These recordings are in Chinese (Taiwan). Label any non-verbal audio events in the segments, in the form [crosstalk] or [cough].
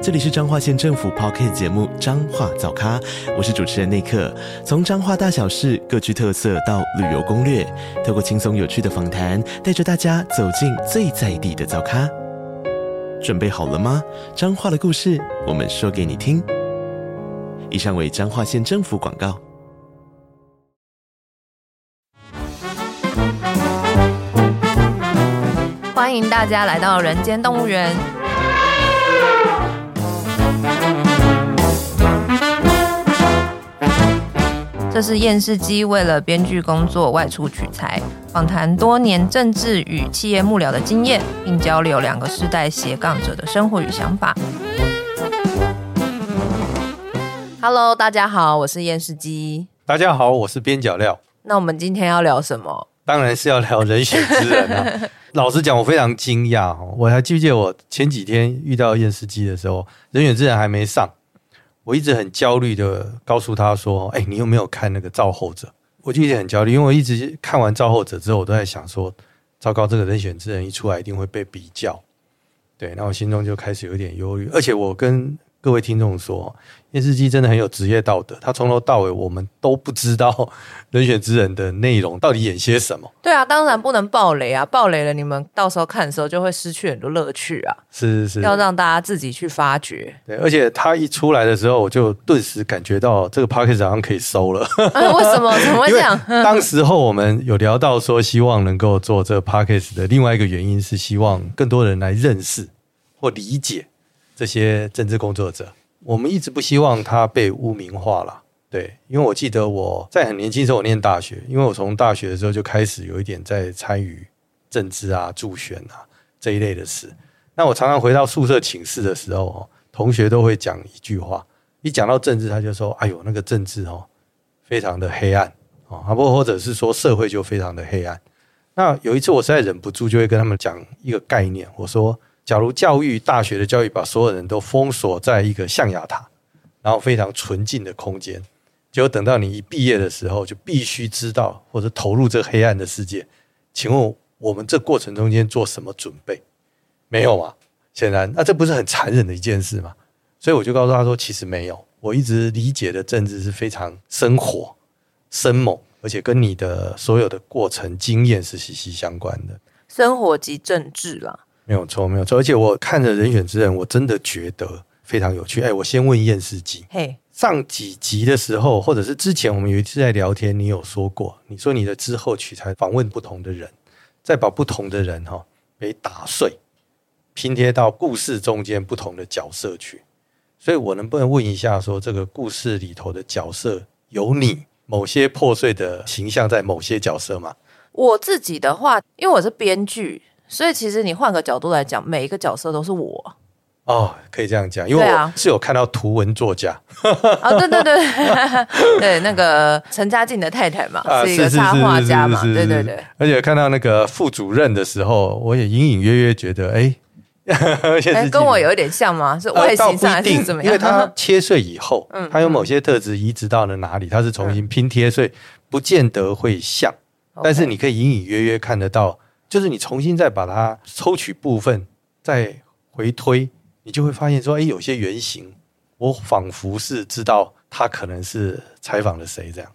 這裡是彰化縣政府 Podcast 節目《彰化早咖》，我是主持人內克。從彰化大小事各具特色到旅遊攻略，透過輕鬆有趣的訪談，帶着大家走進最在地的早咖。準備好了嗎？彰化的故事，我們說給你聽。以上為彰化縣政府廣告。歡迎大家來到人間動物園。這是厭世姬為了編劇工作外出取材，訪談多年政治與企業幕僚的經驗，並交流兩個世代斜槓者的生活與想法。Hello，大家好，我是厭世姬。大家好，我是邊角料。那我們今天要聊什麼？當然是要聊人選之人了、啊。 [laughs] 老實講，我非常驚訝，我還記不記得我前幾天遇到厭世姬的時候，人選之人還沒上。我一直很焦慮的告訴他說：“哎、欸，你有沒有看那個造後者？”我就一直很焦慮，因為我一直看完造後者之後，我都在想說：“糟糕，這個人選之人一出來一定會被比較。”對，那我心中就開始有點憂慮。而且我跟各位聽眾說。電視機真的很有職業道德，他從頭到尾我們都不知道人選之人的內容到底演些什麼。對啊，當然不能暴雷啊！暴雷了，你們到時候看的時候就會失去很多樂趣啊！是是是，要讓大家自己去發掘。對，而且他一出來的時候，我就頓時感覺到這個 podcast 好像可以收了。 [laughs] 為什麼？怎麼講？當時候我們有聊到說，希望能夠做這 podcast 的另外一個原因是希望更多人來認識或理解這些政治工作者。我們一直不希望他被污名化了，對，因為我記得我在很年輕的時候，我念大學，因為我從大學的時候就開始有一點在參與政治啊、助選啊這一類的事。那我常常回到宿舍寢室的時候，同學都會講一句話，一講到政治，他就說：“哎呦，那個政治哦，非常的黑暗哦，啊不，或者是說社會就非常的黑暗。”那有一次，我實在忍不住，就會跟他們講一個概念，我說。假如教育，大學的教育把所有人都封鎖在一個象牙塔，然後非常純淨的空間，結果等到你一畢業的時候就必須知道或者投入這黑暗的世界，請問我們這過程中間做什麼準備？沒有嗎？顯然，那這不是很殘忍的一件事嗎？所以我就告訴他說，其實沒有。我一直理解的政治是非常生活、生猛，而且跟你的所有的過程經驗是息息相關的。生活即政治啦、啊。沒有錯，沒有錯，而且我看着《人選之人》，我真的覺得非常有趣。哎，我先問厭世姬嘿，Hey. 上幾集的時候，或者是之前我們有一次在聊天，你有說過，你說你的之後取材訪問不同的人，再把不同的人哈、哦、給打碎，拼貼到故事中間不同的角色去。所以，我能不能問一下說，說這個故事裡頭的角色有你某些破碎的形象在某些角色嗎？我自己的話，因為我是編劇。所以其實你換個角度來講，每一個角色都是我哦，可以這樣講，因為我是有看到圖文作家啊，對對對對，那個陳嘉靜的太太嘛，是一個插畫家嘛，對對對。而且看到那個副主任的時候，我也隱隱約約覺得，哎，跟我有一點像嗎？是外形上還是怎麼樣？因為它切碎以後，他它有某些特質移植到了哪裡？它是重新拼貼，所以不見得會像，但是你可以隱隱約約看得到。就是你重新再把它抽取部分，再回推，你就會發現說，哎、欸，有些原型，我仿佛是知道他可能是採訪了誰這樣。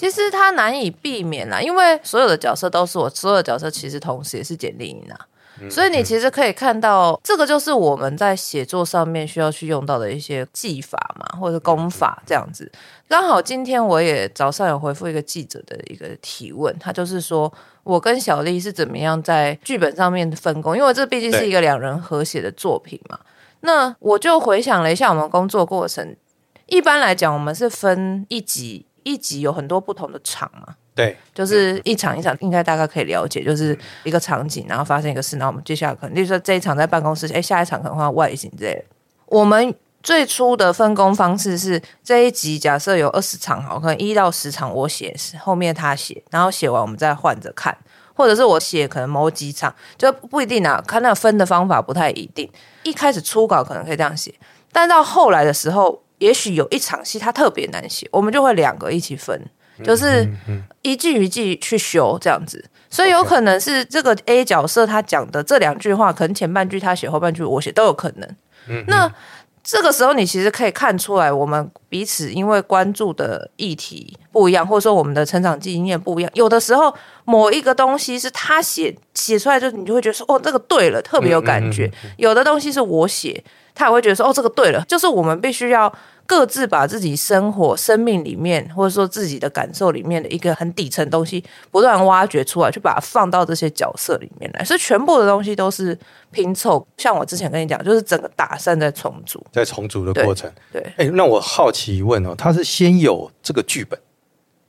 其實它難以避免啦、啊，因為所有的角色都是我，所有的角色其實同時也是厭世姬啦、啊。嗯、所以你其實可以看到，嗯、這個就是我們在寫作上面需要去用到的一些技法嘛，或者功法這樣子。剛好今天我也早上有回復一個記者的一個提問，他就是說我跟小麗是怎麼樣在劇本上面分工，因為這畢竟是一個兩人合寫的作品嘛。對那我就回想了一下我們工作過程，一般來講我們是分一集。一集有很多不同的場嘛，對，就是一場一場，應該大概可以了解，就是一個場景，然後發生一個事，然後我們接下來可能，例如說這一場在辦公室，誒、欸，下一場可能換外景之類的。我們最初的分工方式是，這一集假設有二十場，好，可能一到十場我寫，後面他寫，然後寫完我們再換着看，或者是我寫可能某幾場，就不一定啊，看那分的方法不太一定。一開始初稿可能可以這樣寫，但到後來的時候。也許有一場戲，他特別難寫，我們就會兩個一起分，就是一句一句去修這樣子，所以有可能是這個 A 角色他講的這兩句話，可能前半句他寫，後半句我寫都有可能。嗯嗯。那。這個時候，你其實可以看出來，我們彼此因為關注的議題不一樣，或者說我們的成長經驗不一樣。有的時候，某一個東西是他寫寫出來，就是你就會覺得說，哦，這個對了，特別有感覺；有的東西是我寫，他也會覺得說，哦，這個對了。就是我們必須要。各自把自己生活、生命裡面，或者說自己的感受裡面的一個很底層東西，不斷挖掘出來，去把它放到這些角色裡面來，所以全部的東西都是拼湊。像我之前跟你講，就是整個打散在重組，在重組的過程。對，對、欸，那我好奇一問哦，他是先有這個劇本，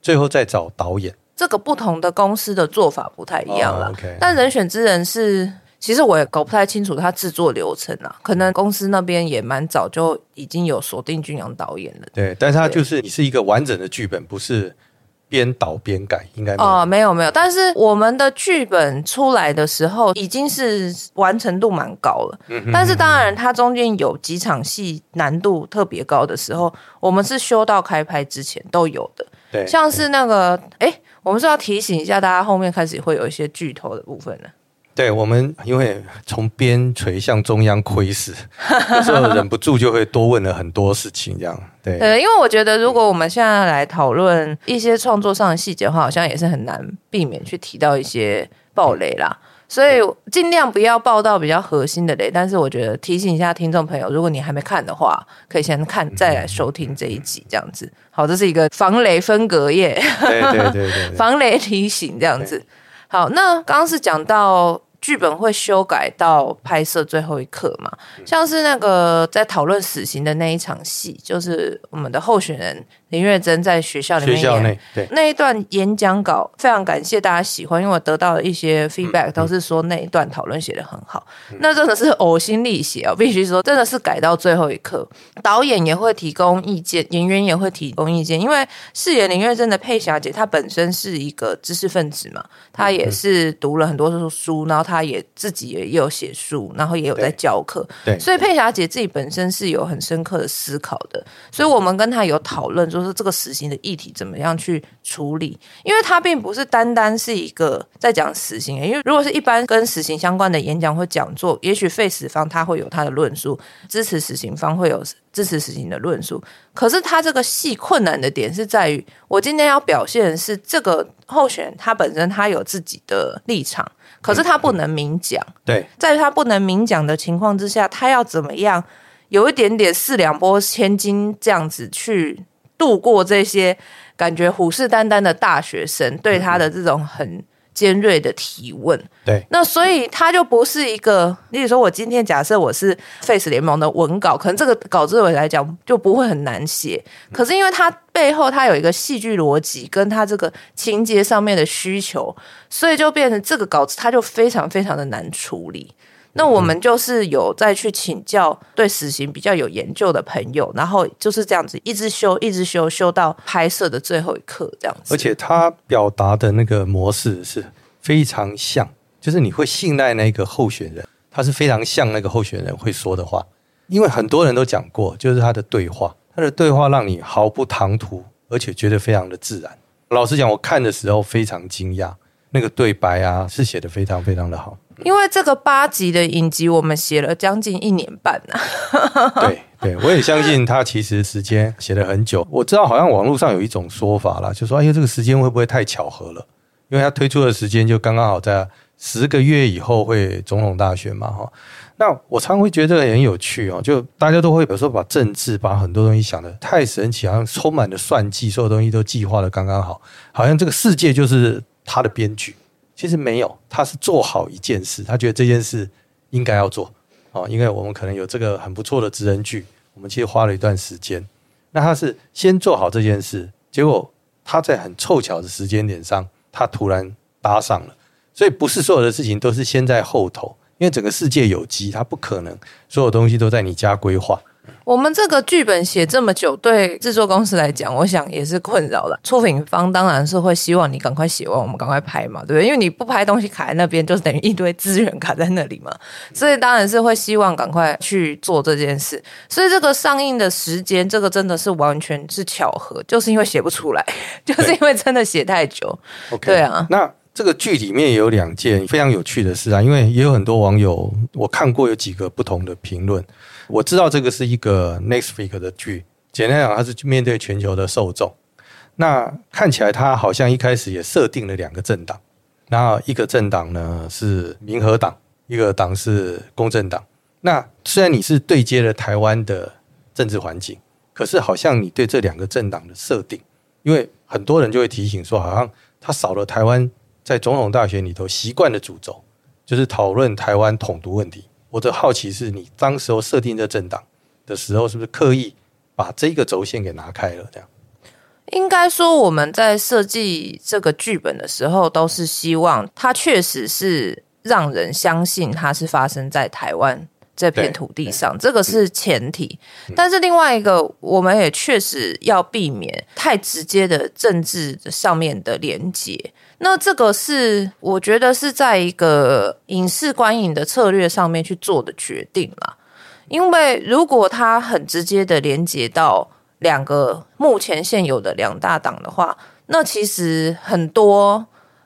最後再找導演？這個不同的公司的做法不太一樣。oh, okay. 但人選之人是。其實我也搞不太清楚他製作流程了、啊，可能公司那邊也蠻早就已經有鎖定君陽導演了。對，但是他就是你是一個完整的劇本，對不是邊導邊改，應該沒有哦，沒有沒有。但是我們的劇本出來的時候，已經是完成度蠻高了。嗯、哼哼，但是當然，它中間有幾場戲難度特別高的時候，我們是修到開拍之前都有的。對，像是那個，哎、嗯，我們是要提醒一下大家，後面開始會有一些劇透的部分呢。對，我們因為從邊垂向中央窺視，有時候忍不住就會多問了很多事情，這樣，對。 [laughs] 對，因為我覺得，如果我們現在來討論一些創作上的細節的話，好像也是很難避免去提到一些暴雷啦。嗯、所以盡量不要暴到比較核心的雷。但是我覺得提醒一下聽眾朋友，如果你還沒看的話，可以先看，再來收聽這一集這樣子。嗯、好，這是一個防雷分隔頁。 [laughs] 對，對，對對對，防雷提醒這樣子。好，那剛剛是講到劇本會修改到拍攝最後一刻嘛？像是那個在討論死刑的那一場戲，就是我們的候選人。林月真在學校裡面，那一段演講稿，非常感謝大家喜歡，因為我得到了一些 feedback，嗯嗯、都是說那一段討論寫得很好，嗯、那真的是嘔心瀝血啊，我必須說真的是改到最後一刻。導演也會提供意見，演員也會提供意見，因為飾演林月真的佩霞姐，她本身是一個知識分子嘛，她也是讀了很多書，嗯、然後她也自己也有寫書，然後也有在教課，對，所以佩霞姐自己本身是有很深刻的思考的，所以我們跟她有討論說。就是這個死刑的議題怎麼樣去處理？因為它並不是單單是一個在講死刑。因為如果是一般跟死刑相關的演講或講座，也許廢死方他會有他的論述，支持死刑方會有支持死刑的論述。可是他這個戲困難的點是在於，我今天要表現的是這個候選人他本身他有自己的立場，可是他不能明講。對，對，在於他不能明講的情況之下，他要怎麼樣有一點點四兩撥千斤這樣子去。度過這些感覺虎視眈眈的大學生對他的這種很尖銳的提問，對，那所以他就不是一個，你比如說我今天假設我是 Face 聯盟的文稿，可能這個稿子對我來講就不會很難寫，可是因為他背後他有一個戲劇邏輯跟他這個情節上面的需求，所以就變成這個稿子他就非常非常的難處理。那我們就是有再去請教對死刑比較有研究的朋友，然後就是這樣子一直修，一直修，修到拍攝的最後一刻這樣子。而且他表達的那個模式是非常像，就是你會信賴那個候選人，他是非常像那個候選人會說的話。因為很多人都講過，就是他的對話，他的對話讓你毫不唐突，而且覺得非常的自然。老實講，我看的時候非常驚訝，那個對白啊是寫得非常非常的好。因為這個八集的影集，我們寫了將近一年半呢、啊。對對，我也相信他其實時間寫了很久。我知道好像網絡上有一種說法了，就說哎呀，這個時間會不會太巧合了？因為他推出的時間就剛剛好在十個月以後會總統大選嘛，哈。那我常會覺得很有趣哦，就大家都會有時候把政治把很多東西想得太神奇，好像充滿了算計，所有東西都計劃得剛剛好，好像這個世界就是他的編劇。其實沒有，他是做好一件事，他覺得這件事應該要做啊、哦，因為我們可能有這個很不錯的職人劇，我們其實花了一段時間。那他是先做好這件事，結果他在很湊巧的時間點上，他突然搭上了，所以不是所有的事情都是先在後頭，因為整個世界有機，他不可能所有東西都在你家規劃。我們這個劇本寫這麼久，對製作公司來講，我想也是困擾的。出品方當然是會希望你趕快寫完，我們趕快拍嘛，對不對？因為你不拍東西卡在那邊，就是等於一堆資源卡在那裡嘛。所以當然是會希望趕快去做這件事。所以這個上映的時間，這個真的是完全是巧合，就是因為寫不出來，對就是因為真的寫太久。Okay, 對啊，那這個劇裡面有兩件非常有趣的事啊，因為也有很多網友我看過有幾個不同的評論。我知道這個是一個 Netflix 的劇，簡單講，它是面對全球的受眾。那看起來，它好像一開始也設定了兩個政黨，然後一個政黨呢是民和黨，一個黨是公正黨。那雖然你是對接了台灣的政治環境，可是好像你對這兩個政黨的設定，因為很多人就會提醒說，好像它少了台灣在總統大選裡頭習慣的主軸，就是討論台灣統獨問題。我的好奇是你當時候設定這政黨的時候，是不是刻意把這個軸線給拿開了？這樣應該說，我們在設計這個劇本的時候，都是希望它確實是讓人相信它是發生在台灣這片土地上，這個是前提。嗯、但是另外一個，嗯、我們也確實要避免太直接的政治上面的連接。那這個是我覺得是在一個影視觀影的策略上面去做的決定啦，因為如果它很直接的連接到兩個目前現有的兩大黨的話，那其實很多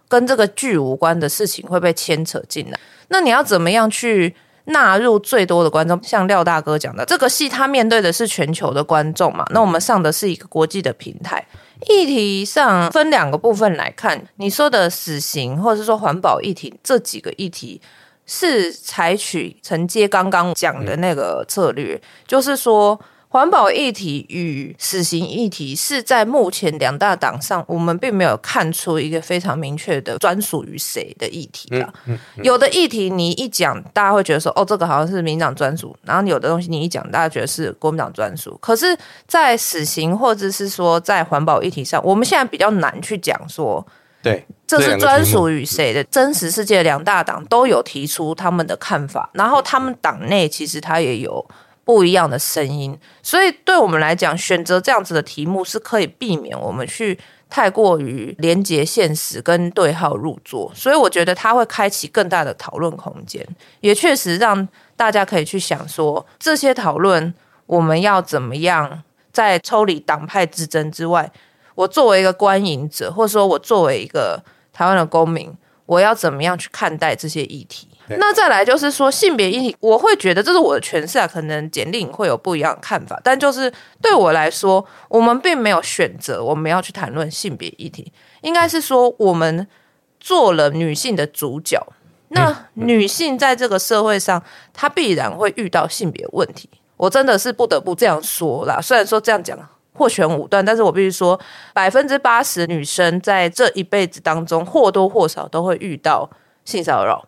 跟這個劇無關的事情會被牽扯進來。那你要怎麼樣去納入最多的觀眾？像廖大哥講的，這個戲它面對的是全球的觀眾嘛。那我們上的是一個國際的平台。議題上分兩個部分來看，你說的死刑或者是說環保議題這幾個議題，是採取承接剛剛講的那個策略，就是說。環保議題與死刑議題是在目前兩大黨上，我們並沒有看出一個非常明確的專屬於誰的議題、嗯嗯嗯、有的議題你一講，大家會覺得說，哦，這個好像是民進黨專屬；然後有的東西你一講，大家覺得是國民黨專屬。可是，在死刑或者是說在環保議題上，我們現在比較難去講說，對，這是專屬於誰的真實世界。兩大黨都有提出他們的看法，然後他們黨內其實他也有。不一樣的聲音，所以對我們來講，選擇這樣子的題目是可以避免我們去太過於連接現實跟對號入座，所以我覺得它會開啟更大的討論空間，也確實讓大家可以去想說，這些討論我們要怎麼樣在抽離黨派之爭之外，我作為一個觀影者，或者說我作為一個台灣的公民，我要怎麼樣去看待這些議題？那再來就是說性別議題，我會覺得這是我的詮釋啊，可能簡莉穎會有不一樣的看法，但就是對我來說，我們並沒有選擇我們要去談論性別議題，應該是說我們做了女性的主角。那女性在這個社會上，她必然會遇到性別問題。我真的是不得不這樣說啦，雖然說這樣講或許很武斷，但是我必須說，百分之八十女生在這一輩子當中或多或少都會遇到性騷擾。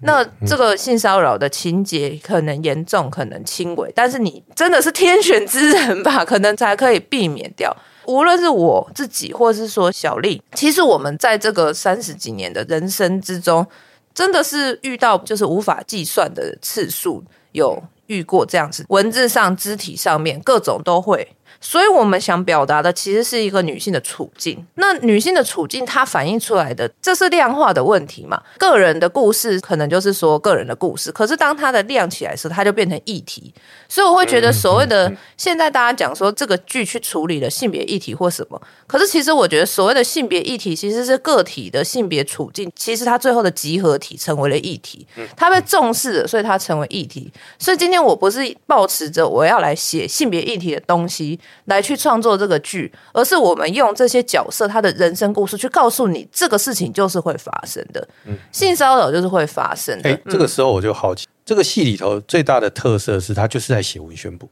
那這個性騷擾的情節可能嚴重，可能輕微，但是你真的是天選之人吧？可能才可以避免掉。無論是我自己，或是說小麗，其實我們在這個三十幾年的人生之中，真的是遇到就是無法計算的次數，有遇過這樣子，文字上、肢體上面各種都會。所以我們想表達的其實是一個女性的處境。那女性的處境，它反映出來的，這是量化的問題嘛？個人的故事可能就是說個人的故事，可是當它的量起來時，它就變成議題。所以我會覺得，所謂的現在大家講說這個劇去處理了性別議題或什麼，可是其實我覺得所謂的性別議題，其實是個體的性別處境，其實它最後的集合體成為了議題。它被重視了，所以它成為議題。所以今天我不是抱持着我要來寫性別議題的東西。來去創作這個劇，而是我們用這些角色他的人生故事去告訴你，這個事情就是會發生的。嗯嗯、性騷擾就是會發生的。欸嗯、這個時候我就好奇，這個戲裡頭最大的特色是，他就是在寫文宣部，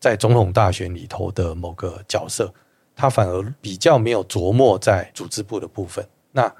在總統大選裡頭的某個角色，他反而比較沒有琢磨，在組織部的部分。那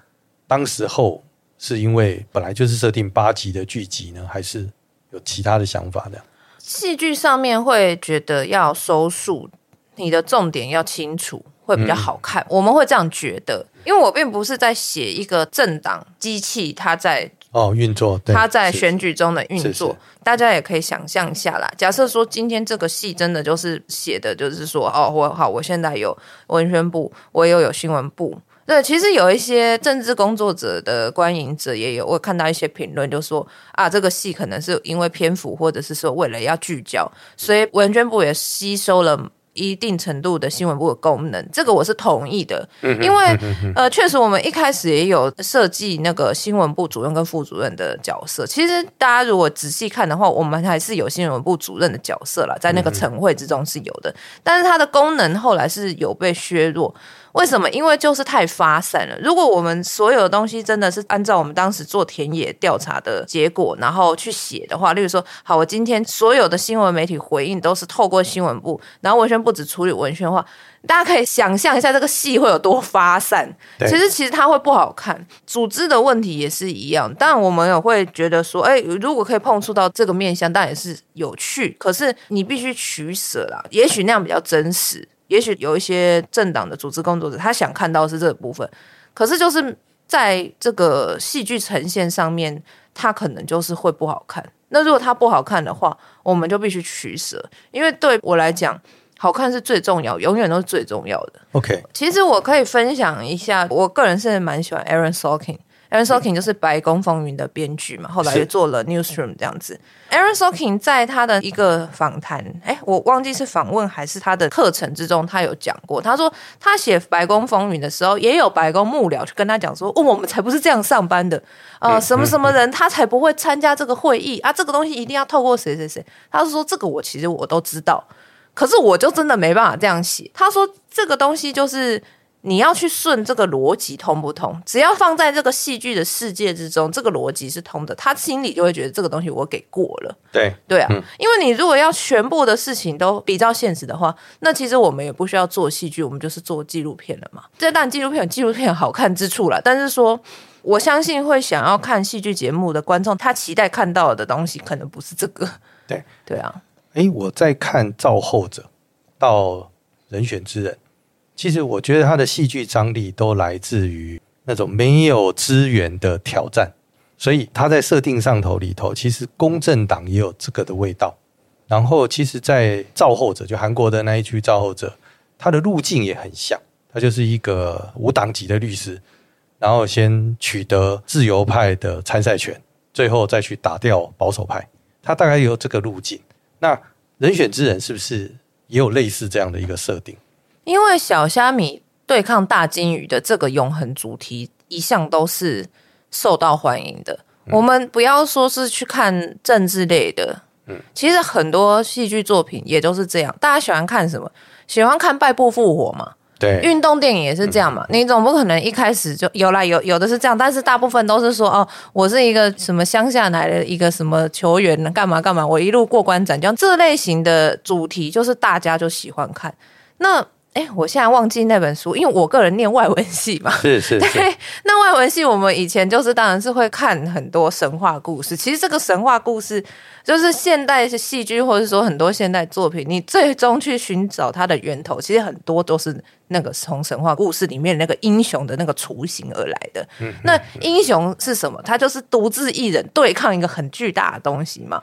當時候是因為本來就是設定八集的劇集呢，還是有其他的想法的？戲劇上面會覺得要收束。你的重點要清楚，會比較好看。嗯、我們會這樣覺得，因為我並不是在寫一個政黨機器，它在哦運作，對它在選舉中的運作，是是是是大家也可以想象一下。假設說今天這個戲真的就是寫的，就是說哦，我好，我現在有文宣部，我又有，有新聞部。對，其實有一些政治工作者的觀影者也有，我有看到一些評論就說啊，這個戲可能是因為篇幅，或者是說為了要聚焦，所以文宣部也吸收了。一定程度的新聞部的功能，這個我是同意的，因為呃，確實我們一開始也有設計那個新聞部主任跟副主任的角色。其實大家如果仔細看的話，我們還是有新聞部主任的角色啦，在那個晨會之中是有的，但是它的功能後來是有被削弱。為什麼？因為就是太發散了。如果我們所有的東西真的是按照我們當時做田野調查的結果，然後去寫的話，例如說，好，我今天所有的新聞媒體回應都是透過新聞部，然後文宣部只處理文宣的話，大家可以想象一下這個戲會有多發散。對其實，其實它會不好看。組織的問題也是一樣，但我們也會覺得說，哎，如果可以碰觸到這個面向，當然也是有趣。可是你必須取捨啦，也許那樣比較真實。也許有一些政黨的組織工作者，他想看到是這個部分，可是就是在這個戲劇呈現上面，他可能就是會不好看。那如果它不好看的話，我們就必須取舍，因為對我來講，好看是最重要，永遠都是最重要的。OK，其實我可以分享一下，我個人是蠻喜歡 Aaron Sorkin。Aaron Sorkin 就是《白宮風雲》的編劇嘛，後來又做了 Newsroom 這樣子。Aaron Sorkin 在他的一個訪談，誒、欸，我忘記是訪問還是他的課程之中，他有講過。他說他寫《白宮風雲》的時候，也有白宮幕僚去跟他講說：“哦，我們才不是這樣上班的啊、呃，什麼什麼人他才不會參加這個會議啊，這個東西一定要透過誰誰誰。”他說：“這個我其實我都知道，可是我就真的沒辦法這樣寫。”他說：“這個東西就是。”你要去順這個邏輯通不通？只要放在這個戲劇的世界之中，這個邏輯是通的，他心裡就會覺得這個東西我給過了。對對啊，嗯、因為你如果要全部的事情都比較現實的話，那其實我們也不需要做戲劇，我們就是做紀錄片了嘛。這當然，紀錄片有紀錄片好看之處了，但是說我相信會想要看戲劇節目的觀眾，他期待看到的東西可能不是這個。對對啊，哎、欸，我在看《造後者》到《人選之人》。其實我覺得他的戲劇張力都來自於那種沒有資源的挑戰，所以他在設定上頭裡頭，其實公正黨也有這個的味道。然後，其實，在造後者就韓國的那一區造後者，他的路徑也很像，他就是一個無黨籍的律師，然後先取得自由派的參賽權，最後再去打掉保守派。他大概有這個路徑。那人選之人是不是也有類似這樣的一個設定？因為小蝦米對抗大鯨魚的這個永恆主題，一向都是受到歡迎的。我們不要說是去看政治類的，其實很多戲劇作品也都是這樣。大家喜歡看什麼？喜歡看敗部復活嘛？對，運動電影也是這樣嘛？你總不可能一開始就有來有有的是這樣，但是大部分都是說哦，我是一個什麼鄉下來的一個什麼球員，幹嘛干嘛，我一路過關斬將，這類型的主題就是大家就喜歡看那。哎，我現在忘記那本書，因為我個人念外文系嘛。是是是對。那外文系我們以前就是，當然是會看很多神話故事。其實這個神話故事，就是現代戲劇，或者說很多現代作品，你最終去尋找它的源頭，其實很多都是那個從神話故事裡面那個英雄的那個雛形而來的。那英雄是什麼？他就是獨自一人對抗一個很巨大的東西嘛。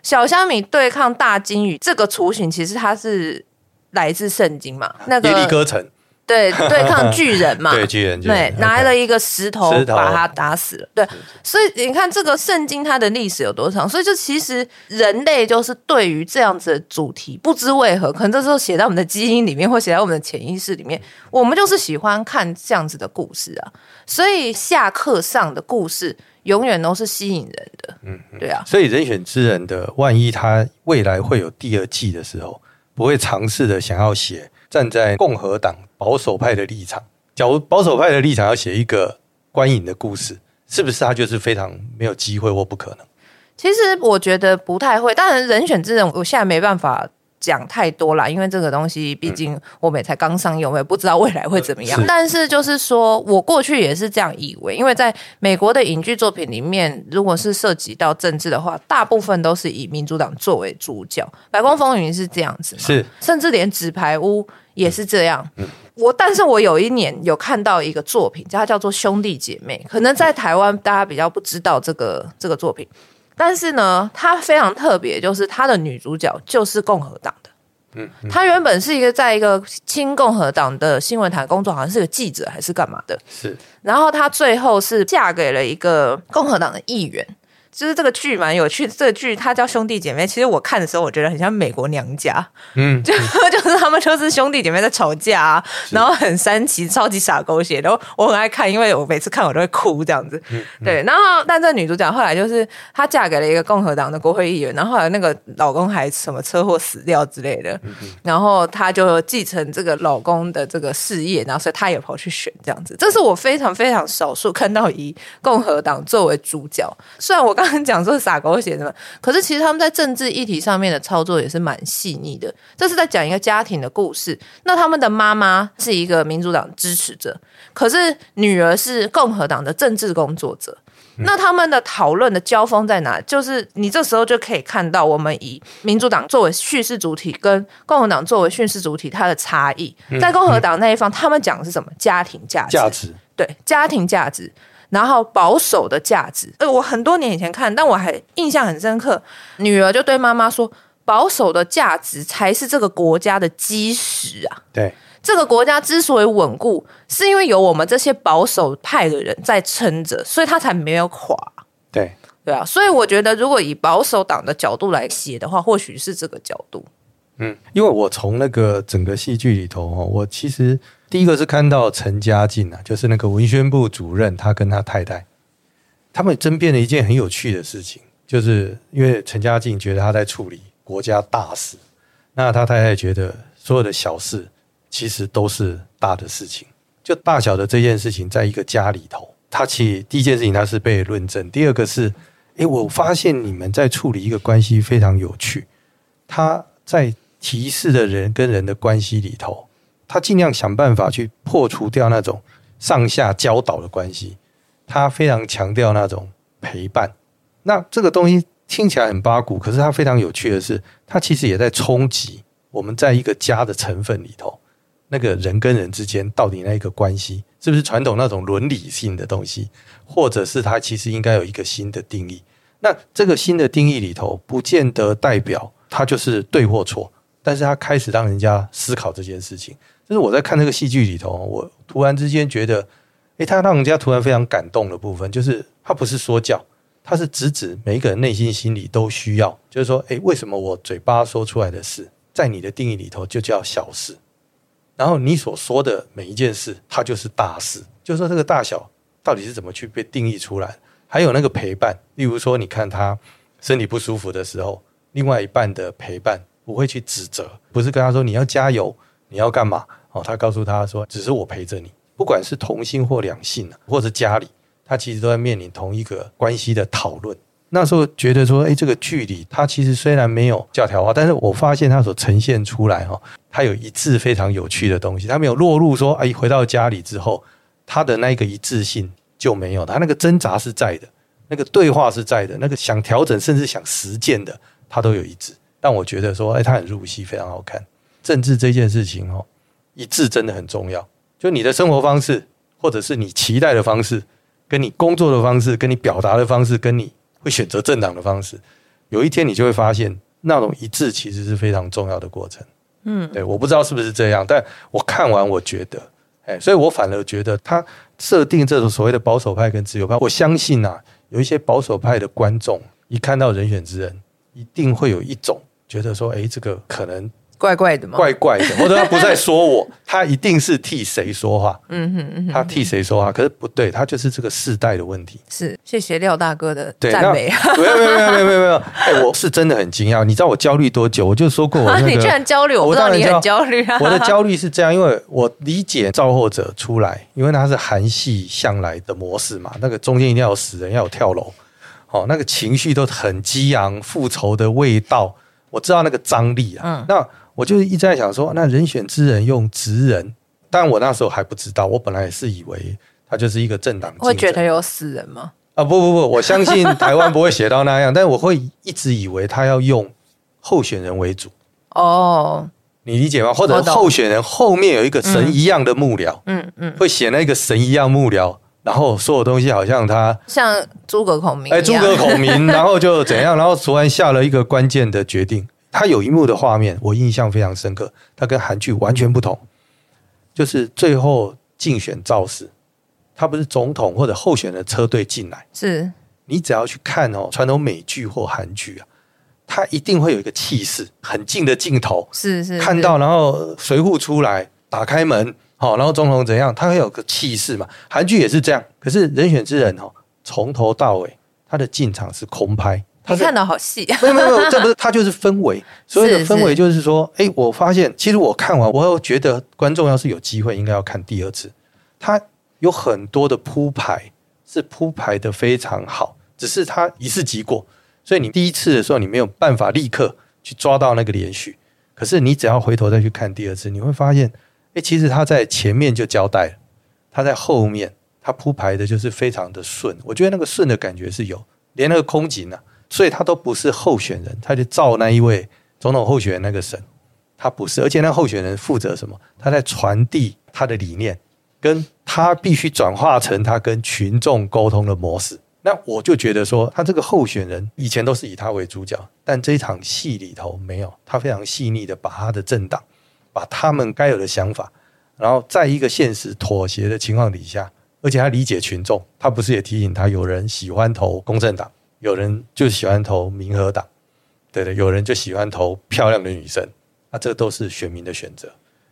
小蝦米對抗大鯨魚，這個雛形其實它是。來自聖經嘛，那個耶利哥城，對對抗巨人嘛， [laughs] 對巨人，就是、對拿了一個石頭，石頭把他打死了。對，嗯、所以你看這個聖經，它的歷史有多長，所以就其實人類就是對於這樣子的主題，不知為何，可能這時候寫在我們的基因裡面，或寫在我們的潛意識裡面，嗯、我們就是喜歡看這樣子的故事啊。所以下課上的故事永遠都是吸引人的，嗯，嗯對啊。所以《人選之人的》萬一他未來會有第二季的時候，不會嘗試的，想要寫站在共和黨保守派的立場。假如保守派的立場要寫一個觀影的故事，是不是他就是非常沒有機會或不可能？其實我覺得不太會。當然，人選之人，我現在沒辦法。講太多了，因為這個東西畢竟我們也才剛上映，我們、嗯、不知道未來會怎麼樣。是但是就是說，我過去也是這樣以為，因為在美國的影劇作品裡面，如果是涉及到政治的話，大部分都是以民主黨作為主角，《白宮風雲》是這樣子，是，甚至連《紙牌屋》也是這樣。嗯嗯、我，但是我有一年有看到一個作品，它叫做《兄弟姐妹》，可能在台灣大家比較不知道這個、嗯、這個作品。但是呢，她非常特別，就是她的女主角就是共和黨的，嗯嗯、她原本是一個在一個親共和黨的新聞台工作，好像是個記者還是幹嘛的，是，然後她最後是嫁給了一個共和黨的議員。就是這個劇蠻有趣的，這個劇它叫《兄弟姐妹》，其實我看的時候我覺得很像美國娘家，嗯，就嗯就是他們就是兄弟姐妹在吵架，啊，是然後很煽情，超級傻狗血，然後我很愛看，因為我每次看我都會哭這樣子，嗯嗯、對，然後但這女主角後來就是她嫁給了一個共和黨的國會議員，然後後來那個老公還什麼車禍死掉之類的，嗯嗯、然後她就繼承這個老公的這個事業，然後所以她也跑去選這樣子，這是我非常非常少數看到以共和黨作為主角，雖然我。剛剛講說灑狗血的嘛，可是其實他們在政治議題上面的操作也是蠻細膩的。這是在講一個家庭的故事。那他們的媽媽是一個民主黨支持者，可是女兒是共和黨的政治工作者。那他們的討論的交鋒在哪？就是你這時候就可以看到，我們以民主黨作為敘事主體，跟共和黨作為敘事主體，它的差異。在共和黨那一方，他們講的是什麼？家庭價值，價值。對，家庭價值。然後保守的價值，呃，我很多年以前看，但我還印象很深刻。女兒就對媽媽說：“保守的價值才是這個國家的基石啊！”對，這個國家之所以穩固，是因為有我們這些保守派的人在撐着，所以他才沒有垮。對。對，對啊，所以我覺得，如果以保守黨的角度來寫的話，或許是這個角度。嗯，因為我從那個整個戲劇裡頭，我其實第一個是看到陳家進啊，就是那個文宣部主任，他跟他太太他們爭辯了一件很有趣的事情，就是因為陳家進覺得他在處理國家大事，那他太太覺得所有的小事其實都是大的事情，就大小的這件事情，在一個家裡頭，他其實第一件事情他是被論證，第二個是，誒，我發現你們在處理一個關係非常有趣，他在。提示的人跟人的關係裡頭，他盡量想辦法去破除掉那種上下教導的關係。他非常強調那種陪伴。那這個東西聽起來很八股，可是他非常有趣的是，他其實也在衝擊我們在一個家的成分裡頭，那個人跟人之間到底那一個關係是不是傳統那種倫理性的東西，或者是他其實應該有一個新的定義？那這個新的定義裡頭，不見得代表它就是對或錯。但是他開始讓人家思考這件事情。就是我在看這個戲劇裡頭，我突然之間覺得、欸，他讓人家突然非常感動的部分，就是他不是說教，他是直指，指每一個人內心心裡都需要。就是說、欸，為什麼我嘴巴說出來的事，在你的定義裡頭就叫小事，然後你所說的每一件事，它就是大事。就是說這個大小到底是怎麼去被定義出來，還有那個陪伴，例如說，你看他身體不舒服的時候，另外一半的陪伴。不會去指責，不是跟他說你要加油，你要幹嘛？哦，他告訴他說，只是我陪着你，不管是同性或兩性、啊、或是家裡，他其實都在面臨同一個關係的討論。那時候覺得說，誒、哎，這個距離他其實雖然沒有教條化，但是我發現他所呈現出來哦，他有一致非常有趣的東西。他沒有落入說，哎，回到家裡之後，他的那個一致性就沒有了，他那個掙扎是在的，那個對話是在的，那個想調整甚至想實踐的，他都有一致。但我覺得說，哎、欸，他很入戲，非常好看。政治這件事情哦、喔，一致真的很重要。就你的生活方式，或者是你期待的方式，跟你工作的方式，跟你表達的方式，跟你會選擇政黨的方式，有一天你就會發現，那種一致其實是非常重要的過程。嗯，對，我不知道是不是這樣，但我看完我覺得，哎、欸，所以我反而覺得他設定這種所謂的保守派跟自由派，我相信啊，有一些保守派的觀眾，一看到人選之人，一定會有一種。覺得說，哎，這個可能怪怪的嘛？怪怪的，或者他不在說我， [laughs] 他一定是替誰說話？嗯嗯 [laughs] 他替誰說話？可是不對，他就是這個世代的問題。是，謝謝廖大哥的讚美。沒有沒有沒有沒有沒有，哎、欸，我是真的很驚訝。你知道我焦慮多久？我就說過我、那個， [laughs] 你居然焦慮，我不知道你很焦慮啊。我的焦慮是這樣，因為我理解造後者出來，因為他是韓系向來的模式嘛，那個中間一定要有死人，要有跳樓，哦，那個情緒都很激昂，復仇的味道。我知道那個張力啊，嗯、那我就一直在想說，那人選之人用職人，但我那時候還不知道，我本來也是以為他就是一個政黨。會覺得有死人嗎？啊不不不，我相信台灣不會寫到那樣， [laughs] 但我會一直以為他要用候選人為主。哦，你理解嗎？或者候選人後面有一個神一樣的幕僚？嗯嗯，嗯嗯會寫那個神一樣幕僚。然後所有東西好像他像諸葛孔明哎，諸葛孔明， [laughs] 然後就怎樣？然後突然下了一個關鍵的決定。他有一幕的畫面，我印象非常深刻。他跟韓劇完全不同，就是最後競選造勢，他不是總統或者候選的車隊進來。是你只要去看哦，傳統美劇或韓劇啊，他一定會有一個氣勢很近的鏡頭，是是，是看到然後隨扈出來打開門。好，然後總統怎樣？他還有個氣勢嘛？韓劇也是這樣。可是人選之人哦，從頭到尾他的進場是空拍。他看得好細啊？沒有沒有，這不是他 [laughs] 就是氛圍。所謂的氛圍就是說，是是誒，我發現其實我看完，我又覺得觀眾要是有機會，應該要看第二次。他有很多的鋪排，是鋪排得非常好，只是他一次即過。所以你第一次的時候，你沒有辦法立刻去抓到那個連續。可是你只要回頭再去看第二次，你會發現。其實他在前面就交代了，他在後面他鋪排的就是非常的順，我覺得那個順的感覺是有，連那個空警呢，啊，所以他都不是候選人，他就造那一位總統候選人那個神，他不是，而且那候選人負責什麼？他在傳遞他的理念，跟他必須轉化成他跟群眾溝通的模式。那我就覺得說，他這個候選人以前都是以他為主角，但這場戲裡頭沒有，他非常細膩的把他的政黨。把他們該有的想法，然後在一個現實妥協的情況底下，而且他理解群眾，他不是也提醒他，有人喜歡投公正黨，有人就喜歡投民和黨，對對，有人就喜歡投漂亮的女生，啊，那這都是選民的選擇。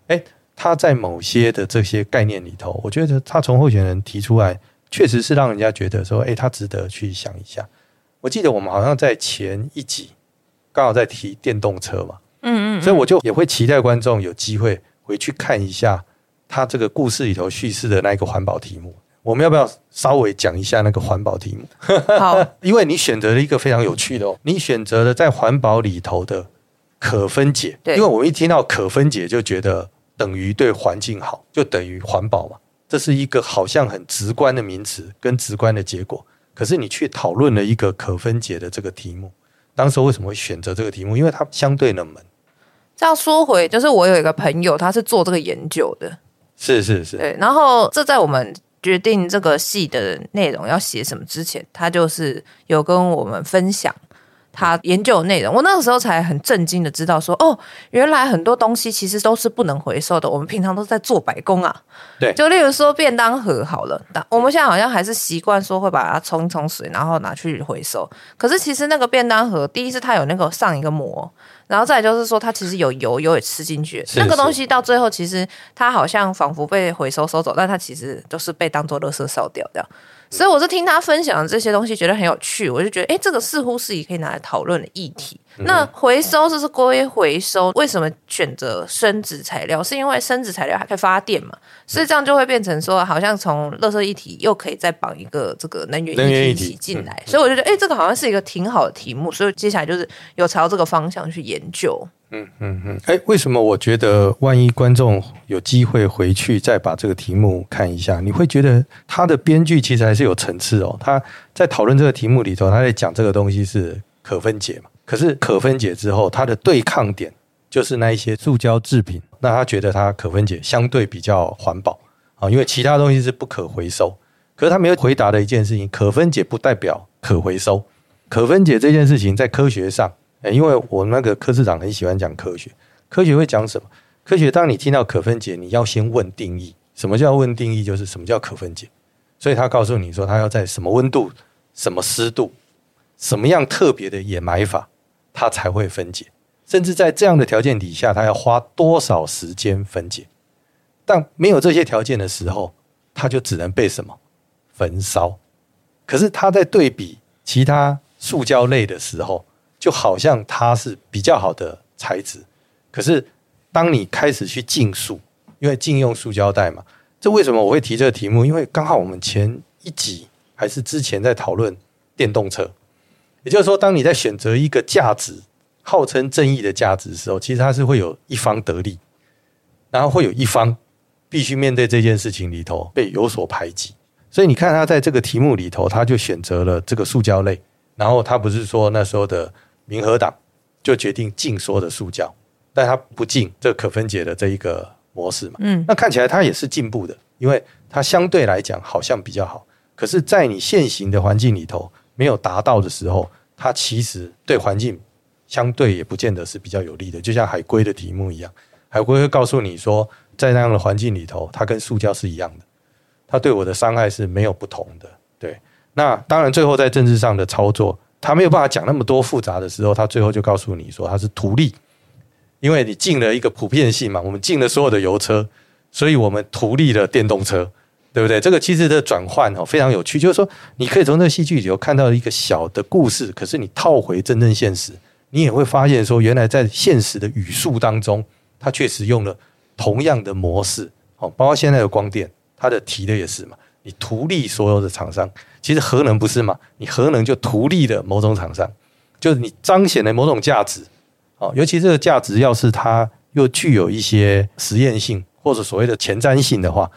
誒，他在某些的這些概念裡頭，我覺得他從候選人提出來，確實是讓人家覺得說，誒，他值得去想一下。我記得我們好像在前一集剛好在提電動車嘛。嗯嗯，嗯，所以我就也會期待觀眾有機會回去看一下他這個故事裡頭敘事的那一個環保題目。我們要不要稍微講一下那個環保題目好？ [laughs] 因為你選擇了一個非常有趣的，哦，你選擇了在環保裡頭的可分解。對，因為我一聽到可分解，就覺得等於對環境好，就等於環保嘛。這是一個好像很直觀的名詞跟直觀的結果。可是你去討論了一個可分解的這個題目，當時為什麼會選擇這個題目？因為它相對冷門。這樣說回，就是我有一個朋友，他是做這個研究的，是是是，對。然後這在我們決定這個戲的內容要寫什麼之前，他就是有跟我們分享，他研究的內容，我那個時候才很震驚的知道說，哦，原來很多東西其實都是不能回收的。我們平常都在做白工啊，對。就例如說便當盒好了，我們現在好像還是習慣說會把它沖沖水，然後拿去回收。可是其實那個便當盒，第一是它有那個上一個膜，然後再就是說它其實有油，油也吃進去。是是。那個東西到最後其實它好像仿佛被回收收走，但它其實都是被當做垃圾燒掉的。所以我是聽他分享的這些東西，覺得很有趣，我就覺得，哎，這個似乎是也可以拿來討論的議題。那回收就是，是歸回收，為什麼選擇生質材料？是因為生質材料還可以發電嘛？所以這樣就會變成說，好像從垃圾議題又可以再綁一個這個能源議題一起進來。嗯、所以我就覺得，哎，這個好像是一個挺好的題目。所以接下來就是有朝這個方向去研究。嗯嗯嗯，誒、嗯欸，為什麼我覺得萬一觀眾有機會回去再把這個題目看一下，你會覺得他的編劇其實還是有層次哦？他在討論這個題目裡頭，他在講這個東西是可分解嘛？可是可分解之後，它的對抗點就是那一些塑膠製品。那他覺得它可分解相對比較環保啊，哦，因為其他東西是不可回收。可是他沒有回答的一件事情，可分解不代表可回收。可分解這件事情在科學上，因為我那個科室長很喜歡講科學，科學會講什麼？科學，當你聽到可分解，你要先問定義。什麼叫問定義？就是什麼叫可分解？所以他告訴你說，他要在什麼溫度、什麼濕度、什麼樣特別的掩埋法，它才會分解。甚至在這樣的條件底下，它要花多少時間分解？但沒有這些條件的時候，它就只能被什麼？焚燒。可是他在對比其他塑膠類的時候。就好像他是比較好的材質，可是當你開始去禁塑，因為禁用塑膠袋嘛，這為什麼我會提這個題目？因為剛好我們前一集還是之前在討論電動車，也就是說，當你在選擇一個價值號稱正義的價值的時候，其實它是會有一方得利，然後會有一方必須面對這件事情裡頭被有所排擠。所以你看他在這個題目裡頭，他就選擇了這個塑膠類，然後他不是說那時候的。民和黨就決定禁說的塑膠，但它不禁這可分解的這一個模式嘛？嗯，那看起來它也是進步的，因為它相對來講好像比較好。可是，在你現行的環境裡頭沒有達到的時候，它其實對環境相對也不見得是比較有利的。就像海龜的題目一樣，海龜會告訴你說，在那樣的環境裡頭，它跟塑膠是一樣的，它對我的傷害是沒有不同的。對，那當然最後在政治上的操作。他沒有辦法講那麼多複雜的時候，他最後就告訴你說他是圖利，因為你進了一個普遍性嘛，我們進了所有的油車，所以我們圖利了電動車，對不對？這個其實的轉換哦非常有趣，就是說你可以從這個戲劇裡頭看到一個小的故事，可是你套回真正現實，你也會發現說原來在現實的語速當中，他確實用了同樣的模式哦，包括現在的光電，他的提的也是嘛，你圖利所有的廠商。其實核能不是嘛？你核能就圖利了某種廠商，就是你彰顯了某種價值，哦，尤其這個價值要是它又具有一些實驗性或者所謂的前瞻性的話，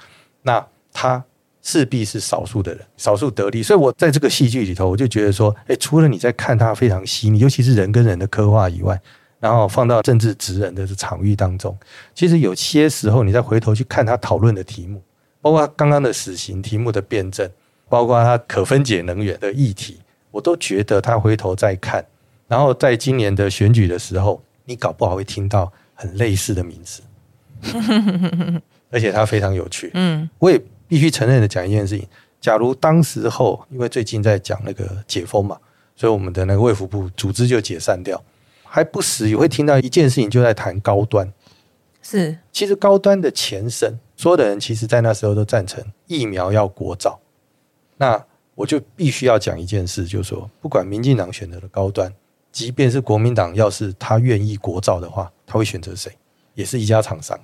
那它勢必是少數的人，少數得利。所以我在這個戲劇裡頭，我就覺得說，誒，除了你在看它非常細膩，尤其是人跟人的刻畫以外，然後放到政治職人的場域當中，其實有些時候你再回頭去看他討論的題目，包括剛剛的死刑題目的辯證。包括他可分解能源的議題，我都覺得他回頭再看，然後在今年的選舉的時候，你搞不好會聽到很類似的名字， [laughs] 而且它非常有趣。嗯，我也必須承認的講一件事情，嗯、假如當時候因為最近在講那個解封嘛，所以我們的那個衛福部組織就解散掉，還不時也會聽到一件事情，就在談高端。是，其實高端的前身，所有的人其實，在那時候都贊成疫苗要國造。那我就必須要講一件事，就是說，不管民進黨選擇了高端，即便是國民黨，要是他願意國造的話，他會選擇誰？也是一家廠商。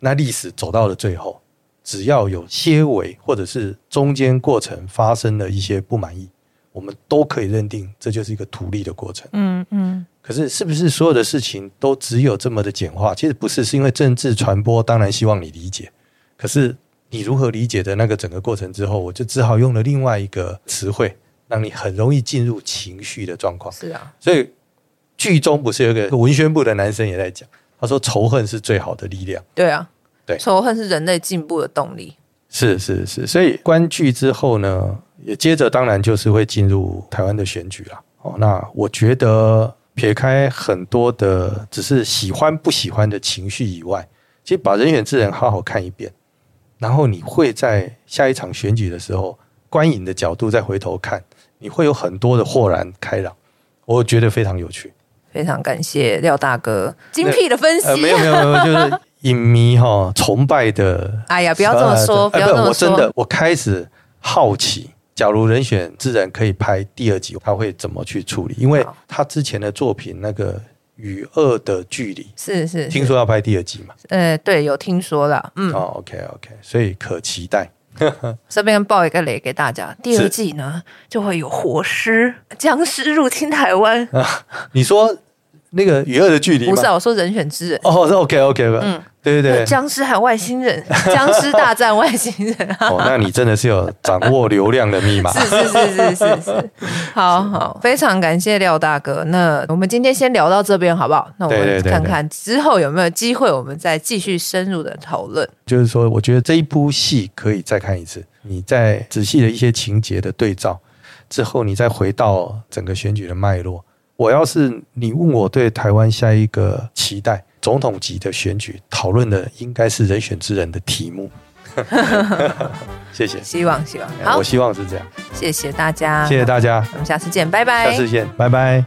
那歷史走到了最後，只要有些微或者是中間過程發生了一些不滿意，我們都可以認定這就是一個圖利的過程。嗯嗯。可是，是不是所有的事情都只有這麼的簡化？其實不是，是因為政治傳播，當然希望你理解。可是。你如何理解的那個整個過程之後，我就只好用了另外一個詞彙，讓你很容易進入情緒的狀況。是啊，所以劇中不是有個文宣部的男生也在講，他說：“仇恨是最好的力量。”對啊，對，仇恨是人類進步的動力。是是是，所以觀劇之後呢，也接着當然就是會進入台灣的選舉了。哦，那我覺得撇開很多的只是喜歡不喜歡的情緒以外，其實把《人選之人》好好看一遍。嗯然後你會在下一場選舉的時候，觀影的角度再回頭看，你會有很多的豁然開朗。我覺得非常有趣，非常感謝廖大哥精闢的分析。沒有、呃呃、沒有，沒有，就是影迷哈、哦、崇拜的。哎呀，不要這麼說，不要這麼說、呃、不我真的，我開始好奇，假如人選之人可以拍第二集，他會怎麼去處理？因為他之前的作品那個。與惡的距離是、是是，聽說要拍第二季嘛？呃，對，有聽說了。嗯，Oh, OK, OK，所以可期待。這邊爆一個雷給大家，第二季呢，是就會有活屍僵屍入侵台灣，啊。你說？那個與惡的距離不是、啊、我說人選之人哦，是 OK OK 吧？嗯，對對對，僵屍還有外星人，僵屍大戰外星人 [laughs] 哦，那你真的是有掌握流量的密碼， [laughs] 是是是是是是，好好，非常感謝廖大哥，那我們今天先聊到這邊好不好？那我們看看之後有沒有機會，我們再繼續深入的討論。就是說，我覺得這一部戲可以再看一次，你再仔細的一些情節的對照之後，你再回到整個選舉的脈絡。我要是你問我對台灣下一個期待，總統級的選舉討論的應該是人選之人的題目。 [laughs] [laughs] 謝謝，希望希望，希望，好，我希望是這樣。謝謝大家，謝謝大家，好好我們下次見，好拜拜。下次見，拜拜。